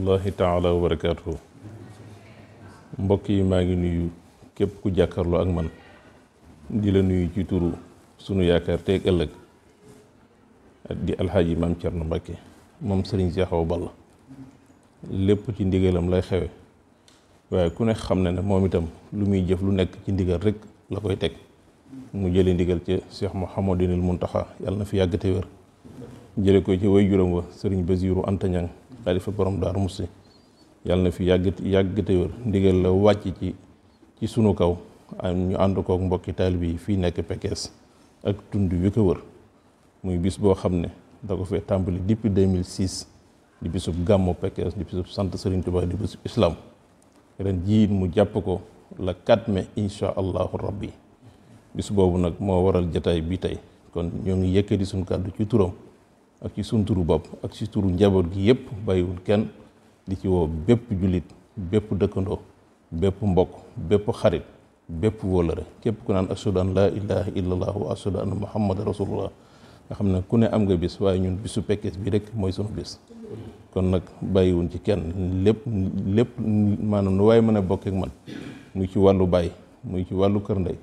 rahmatullahi taala wa barakaatu mbokk yi maa ngi nuyu képp ku jàkkarloo ak man di la nuyu ci turu sunu yaakaar teeg ëllëg di alxaaji maam na Mbakke moom sëriñ Seex bal Balla lépp ci ndigalam lay xewe waaye ku ne xam na ne moom itam lu muy jëf lu nekk ci ndigal rek la koy teg mu jële ndigal ci ca Cheikh Mouhamadinil Muntaxa yàlla na fi yàgg te wér jële ko ci way juróom wa sëriñ Basiiru Anta Ñaŋ khalifa borom daar musse yalla na fi yàgg yàgg te wér ndigal la wacc ci ci sunu kaw ñu ko ak mbokki taalibe yi fii nekk Pekes ak tundu yu ko wër muy bis bo xamne da ko fe tambali depuis 2006 di bisub gàmmu Pekes di bisub sante Serigne Touba di bisub islam ren jiit mu japp ko la 4 mai insha allah rabbi bis bobu nak mo waral jotaay bi tay kon ñu ngi yëkkati sun kaddu ci turam ak ci sunturu bopp ak ci turu njaboot gi yépp bàyyiwul kenn di ci woo bépp jullit bépp dëkkandoo bépp mbokk bépp xarit bépp wóolare képp ku naan ashadu an laa ilaha illallah wa ashadu anna muhammadan rasulullah nga xam ne ku ne am nga bis waaye ñun bisu pekkees bi rek mooy sunu bis kon nag bàyyiwuñ ci kenn lépp lépp maanaam nu waaye mën a bokk man muy ci wàllu baay muy ci wàllu kër ndey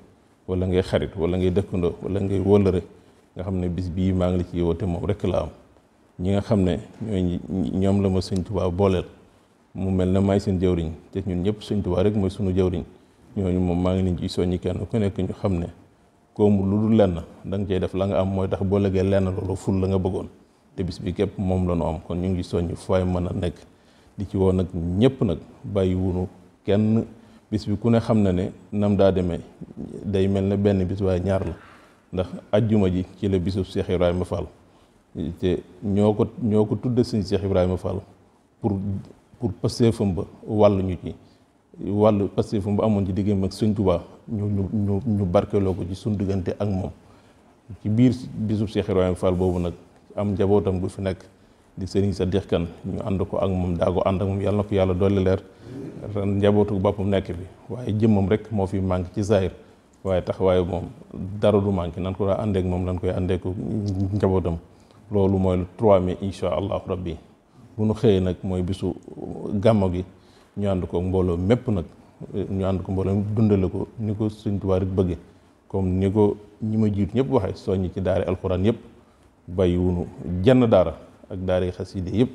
wala ngay xarit wala ngay dëkkandoo wala ngay wóolare nga xam ne bis bii maa ngi la ci woote moom rek la am ñi nga xam ne ñooy ñoom la ma sëñ Tuubaa booleel mu mel na maay seen jawriñ te ñun ñëpp sëñ Tuubaa rek mooy sunu jawriñ ñooñu moom maa ngi leen ciy soññi kenn ku nekk ñu xam ne koomu lu dul lenn da nga cay def la nga am mooy tax boo legee lenn loolu ful la nga bëggoon te bis bi képp moom la ñu am kon ñu ngi soññ fooy mën a nekk di ci woo nag ñëpp nag bàyyi wunu kenn bis bi ku ne xam na ne nam daa demee day mel ne benn bis waaye ñaar la ndax ajjuma ji ci la bisub Cheikh Ibrahima Fall te ñoo ko ñoo ko tudde sëñ Cheikh Ibrahima Fall pour pour pastéefam ba wàllu ñu ci wàllu pastéefam ba amoon ci diggam ak sëñ Tuubaa ñu ñu ñu barkeloo ko ci suñ diggante ak moom ci biir bisub Cheikh Ibrahima Fall boobu nag am njabootam gu fi nekk di sëriñ sa dix kan ñu ànd ko ak moom daa ko ànd ak moom yàlla na ko yàlla dolli leer ren njabootu boppam nekk bi waaye jëmmam rek moo fi manqué ci zaahir waaye taxawaayu moom dara du manqué nan ko daa àndeek moom lan koy àndeeku njabootam loolu mooy trois mais incha allahu rabbi bu nu xëyee nag mooy bisu gàmmo gi ñu ànd ko mbooloo mépp nag ñu ànd ko mbooloo dundale ko ni ko Sëñ Tuubaa rek bëgge comme ni ko ñi ma jiitu ñëpp waxee soññ ci daara alxuraan yëpp bàyyiwunu jenn daara ak daara xaside yëpp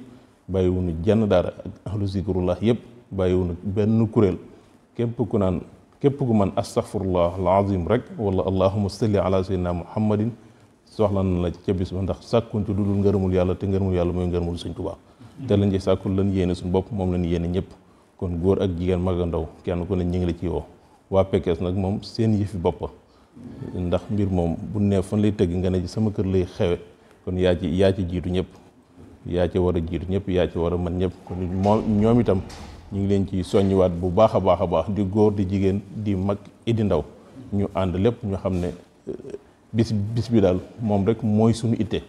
bàyyiwunu jenn daara ak ahlu zikrullah yëpp bàyyiwunu benn kuréel képp ku naan képp ku man astaghfirullah alazim rek wala allahuma salli ala sayyidina muhammadin soxla na la ca bis ba ndax sàkkuñ ci dudul ngërëmul yàlla te ngërëmul yàlla mooy ngërëmul Sëñ Tuubaa te lañ ci sàkkul lan yéene suñu bopp moom lañ yéene ñëpp kon góor ak jigéen mag a ndaw kenn ku ne ñu ngi la ci woo waa Pekes nag moom seen yëfi bopp ndax mbir moom bu ne fan lay tëgg nga ne ci sama kër lay xewe kon yaa ci yaa ci jiitu ñëpp yaa ci war a jiitu ñëpp yaa ci war a man ñëpp kon ñoom itam ñu ngi leen ci soññiwaat bu baax a baax a baax di góor di jigéen di mag i di ndaw ñu ànd lépp ñu xam ne eh, bis bis bi daal moom rek mooy suñu itte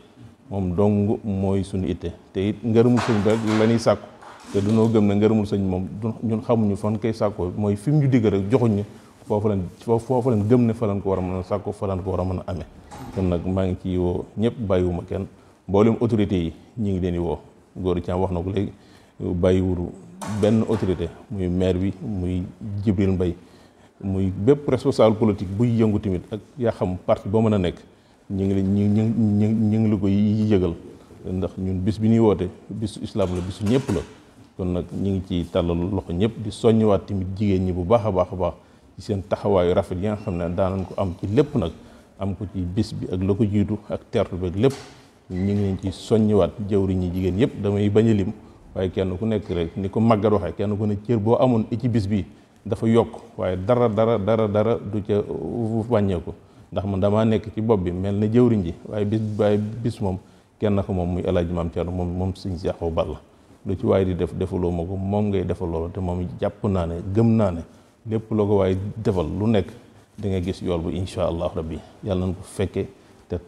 moom dong mooy suñu ite te it ngërëmul sëñ bi la ñuy sàkku te dunoo gëm ne ngërëmul sëñ moom ñun xamuñu fan koy sàkkoo mooy fi mu ñu digg rek joxuñ ñu foofu lañ foofu lañ gëm ne fa ko war a mën a sàkku fa lañ ko war a mën a amee kon nag maa ngi ci woo ñëpp bàyyiwuma kenn mboolem autorité yi ñu ngi leen di woo góor ci am wax na ko léegi bàyyiwuru ben autorité muy maire bi muy Jibril Mbay muy bép responsable politique bu yëngu timit ak ya xam parti bo mëna a ñi ngi ñi ñu ñu ngi la koy yëgal ndax ñun bis bi ni woté bis islam la bis ñepp la kon nak ñi ngi ci tàllal loxo ñepp di wat timit jigeen ñi bu baaxa baaxa baax ci seen taxawaayu rafet ya xam ne ko am ci lepp nag am ko ci bis bi ak la ko jiitu ak tertu bi ak lépp ñu ngi leen ci wat jëwri ñi jigeen ñepp damay bañalim waaye kenn ku nekk rek ni ko màggat waxee kenn ku ne cër boo amoon ci bis bi dafa yokk waaye dara dara dara dara du ca wàññeeku ndax ma damaa nekk ci bopp bi mel na jëwriñ ji waaye bis bis moom kenn ko moom muy alaaji maam Cerno moom moom Sëñ Seexu Balla lu ci waaye di def defaloo ma ko moom ngay defaloo te moom jàpp naa ne gëm naa ne lépp loo ko waaye defal lu nekk da nga gis yool bu incha allah rabbi yàlla nañ ko fekkee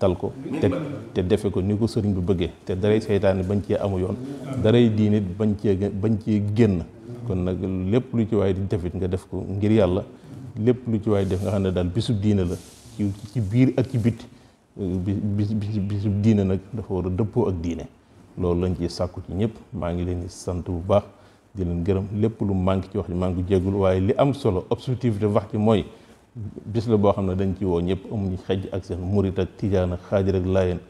tal ko te te defe ko ni ko sëriñ bi bëggee te daray seytaane bañ cee amu yoon daray diinit bañ cee bañ cee génn kon nag lépp lu ci waay di defit nga def ko ngir yàlla lépp lu ci waay def nga xam ne daal bisu diine la ci ci biir ak ci bitti bis bisub diine nag dafa war a dëppoo ak diine loolu lañ ciy sàkku ci ñëpp maa ngi leen sant bu baax di leen gërëm lépp lu manque ci wax ji maa ngi ko waaye li am solo objectif de wax ci mooy bis la boo xam ne dañ ci woo ñëpp amuñu xaj ak seen murit ak tijaan ak xaajar ak laayeen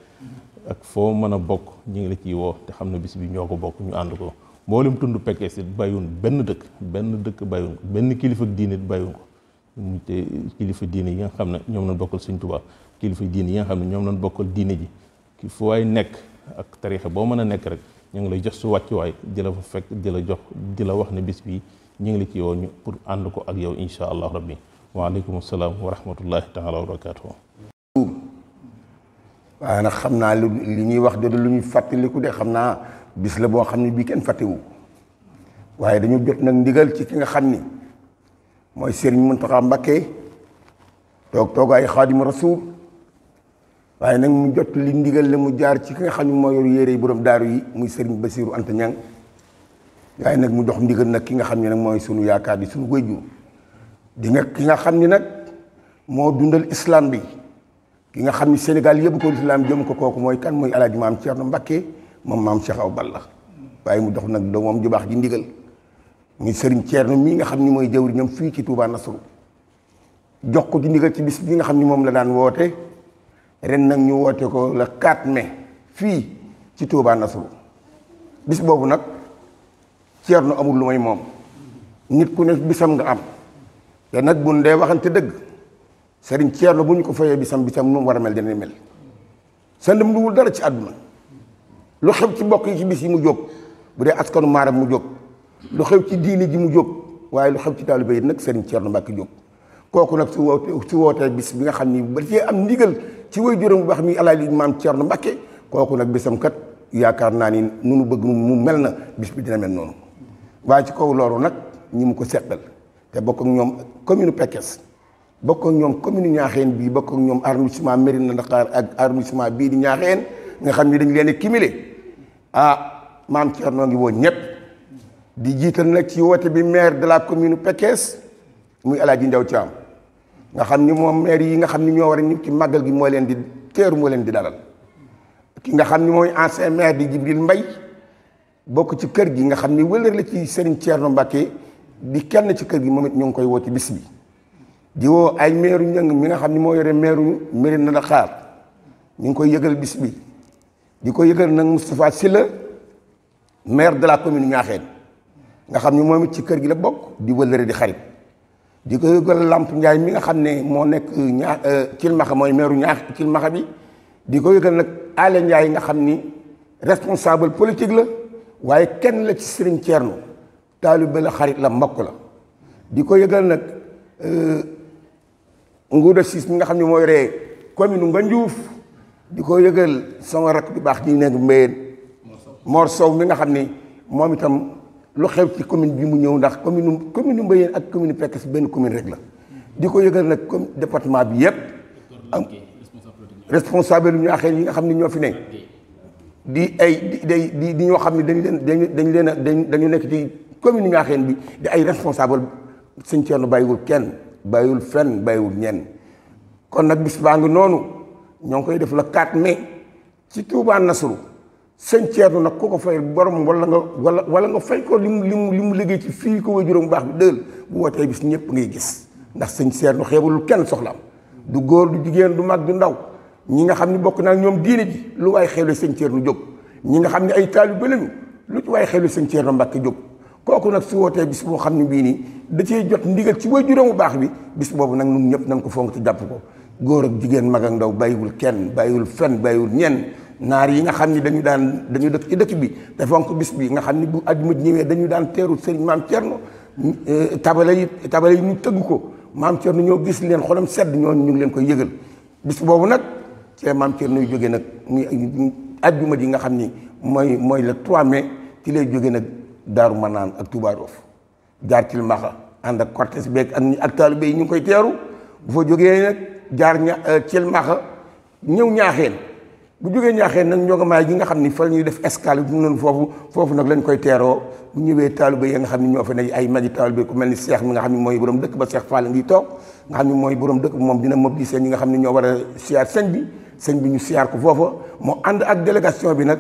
ak foo mën a bokk ñu ngi la ciy woo te xam ne bis bi ñoo ko bokk ñu ànd ko mboolem tund Pekes it bàyyiwun benn dëkk benn dëkk bàyyiwun benn kilifa diine it te kilifa diine yi nga xam ne ñoom lañ bokkal Sëñ Tuubaa kilifa diine yi nga xam ne ñoom lañ bokkal diine ji ki fu waay nekk ak tariixa boo mën a nekk rek ñu ngi lay jox su wàccuwaay di la fekk di la jox di la wax ne bis ñu ngi la ci woo ñu pour ànd ko ak yow incha allah rabbi waaleykum salaam wa rahmatullahi taala wa barakaatu. waaye nag xam naa ñuy wax de lu ñuy fàttaliku de xam naa bis boo xam ne bii kenn fàttewu waaye dañu jot nag ndigal ci ki nga xam ni mooy Serigne Mountakha Mbacké toog toog ay xaadimu rasuul waaye nag mu jot li ndigal la mu jaar ci ki nga xam ne moo yor yére yi borom daaru yi muy Serigne Bassirou Anta Niang waaye nag mu dox ndigal nag ki nga xam ni nag mooy sunu yaakaar di sunu wéjju di ki nga xam ni nag moo dundal islam bi ki nga xam ni Sénégal yëpp ko islam jëm ko kooku mooy kan mooy alaaji maam Thierno Mbacké moom maam Cheikh Awa la waaye mu dox nag doomam ju baax di ndigal muy sëriñ Thierno mii nga xam ni mooy jawriñam fii ci Touba Nasrou jox ko ci ci bis bi nga xam ni moom la daan woote ren nag ñu woote ko la 4 mai fii ci Touba Nasrou bis boobu nag Thierno amul lu may moom nit ku ne bisam nga am te nag bu dee waxante dëgg sëriñ Ceerno bu ñu ko fayee bisam bisam nu mu war a mel dina mel sëndam luwul dara ci àdduna lu xew ci mbokk yi ci bis yi mu jóg bu dee askanu maaram mu jóg lu xew ci diini ji mu jóg waaye lu xew ci taalibe yi nag sëriñ Ceerno Mbàkke jóg kooku nag su wootee su wootee bis bi nga xam ni ba cee am ndigal ci way juróom bu baax mi alaaji maam Ceerno Mbàkke kooku nag bisam kat yaakaar naa ni nu bëgg mu mel na bis bi dina mel noonu waaye ci kaw loolu nag ñi ko seqal te bokk ak ñoom commune Pekes bokk ak ñoom commune Ñaaxeen bii bokk ak ñoom arrondissement Mérina Dakhar ak arrondissement bii di Ñaaxeen nga xam ni dañu leen di cumuler ah maam Thierno ngi woon ñëpp di jiital nag ci wote bi maire de la commune Pekes muy El njaw Ndaw Thiam nga xam ni moom maire yi nga xam ni ñoo war a ñu ci màggal gi moo leen di teeru moo leen di dalal ki nga xam ni mooy ancien maire di Jibril Mbay bokk ci kër gi nga xam ni wëlër la ci Serigne Thierno Mbacké di kenn ci kër gi moom it ñu ngi koy woo ci bis bi di woo ay meeru njëng mi nga xam ni moo yore meeru Mérina xaar ñu ngi koy yëgal bis di ko yëgal nag si la maire de la commune Niakhène nga xam ni moom it ci kër gi la bokk di wëllëre di xarit di ko yëgal Lamp Ndiaye mi nga xam ne moo nekk ñaa Cilmaxa euh, mooy meeru ñaax maxa bi di ko yëgal nag Ale Ndiaye nga xam ni responsable politique la waaye kenn la ci Serigne Thierno. taalibe la xarit la mbokk la di ko yëgal nag euh, nguuda siis mi nga xam ne mooy ree commune nga njuuf di ko yëgal sama rakk bu baax di nekk mbéyeen Mor Sow mi nga xam ne moom itam lu xew ci commune bi mu ñëw ndax commune commune mbéyeen ak commune Pekes benn commune rek la di ko yëgal nag comme département bi yëpp am responsable ñu axee yi nga xam ne ñoo fi ne di ay di di ñoo xam ne dañu leen dañu leen dañu nekk ci comme ni nga Ñaaxeen bi di ay responsable sëñ Thierno bàyyiwul kenn bàyyiwul fenn bàyyiwul ñenn kon nag bis baa ngi noonu ñoo ngi koy def le 4 mai ci Touba Nasru sëñ Thierno nag koo ko fay borom wala nga wala wala nga fay ko li mu li mu li mu liggéey ci fii ko waajuram bu baax bi dël bu wootee bis ñëpp ngay gis ndax sëñ Thierno xeebalul kenn soxla du góor du jigéen du mag du ndaw ñi nga xam ne bokk naa ñoom diine ji lu waaye xewle sëñ Thierno jóg ñi nga xam ne ay taalibe lañu lu waaye xewle sëñ Thierno Mbàkke kooku nag su wootee bis boo xam ne bii nii da cee jot ndigal ci way juróomu baax bi bis boobu nag ñun ñëpp nañ ko fonk te jàpp ko góor ak jigéen mag ak ndaw bàyyiwul kenn bàyyiwul fenn bàyyiwul ñenn naar yi nga xam ni dañu daan dañu dëkk ci dëkk bi te fonk bis bi nga xam ni bu àjjuma ñëwee dañu daan teeru sëriñ maam Cerno eh, tabale yi tabale yi ñu tëgg ko maam Cerno ñoo leen xolam sedd ñooñu ñu ngi leen koy yëgal bis boobu nag cee maam Cerno yu jógee nag muy àjjuma ji nga xam ni mooy mooy le trois mais ci lay jógee nag daaru manaan ak Touba Rof jaar ci Maxa ànd ak cortège beeg ak ak taalibe yi ñu ngi koy teeru bu fa jógee nag jaar ña ci euh, Maxa ñëw ñaaxeen bu jógee ñaaxeen nag ñoo ko ji gi nga xam ni fa la ñuy def escale bu noonu foofu nag lañ koy teeroo bu ñëwee taalibe yi nga xam ni ñoo fa nekk ay magi taalibe ku mel ni seex mi nga xam ni mooy borom dëkk ba seex Fall ngi toog nga xam ni mooy borom dëkk bi moom dina mobiliser ñi nga xam ni ñoo war a siyaar sëñ bi sëñ bi ñu siyaar ko foofa moo ànd ak délégation bi nag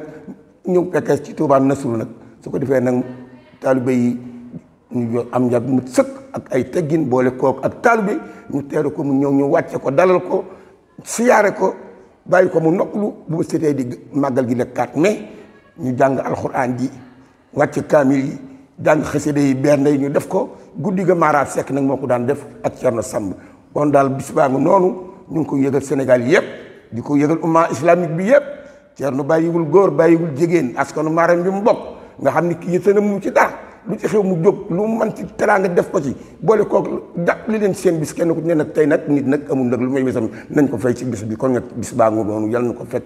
ñëw fekkee ci Touba Nasrou nag su ko defee nag taalibe yi ñu am njàg mu sëkk ak ay teggin boole kook ak taalibe ñu teeru ko mu ñëw ñu wàcce ko dalal ko siyaare ko bàyyi ko mu noppalu bu setee di màggal gi le 4 mai ñu jàng alxuraan ji wàcce kaamil yi jàng xasida yi bernde yi ñu def ko guddi ga Mara Seck nag moo ko daan def ak na Samb kon daal bis baa nga noonu ñu ngi ko yëgal Sénégal yëpp di ko yëgal umma islamique bi yëpp Cerno bàyyiwul góor bàyyiwul jigéen askanu maaram bi mu bokk nga xamni ni kii yësanam mu ci dara lu ci xew mu jóg lu man mën ci teraanga def ko ci ko kook li len seen bis kenn ku ne nag tey nag nit nak amul nak lu may bisam nañ ko fay ci bis bi kon nga bis ba ngu non yàlla nako ko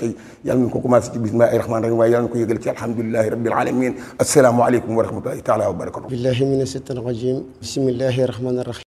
yàlla nako commencé ci bis ma ay rahman rek way yàlla nako yëgal ci alhamdullilah rabbil alamin assalamu alaykum wa rahmatullahi taala wa barakatuh billahi minash shaitanir rajim bismillahir rahmanir rahim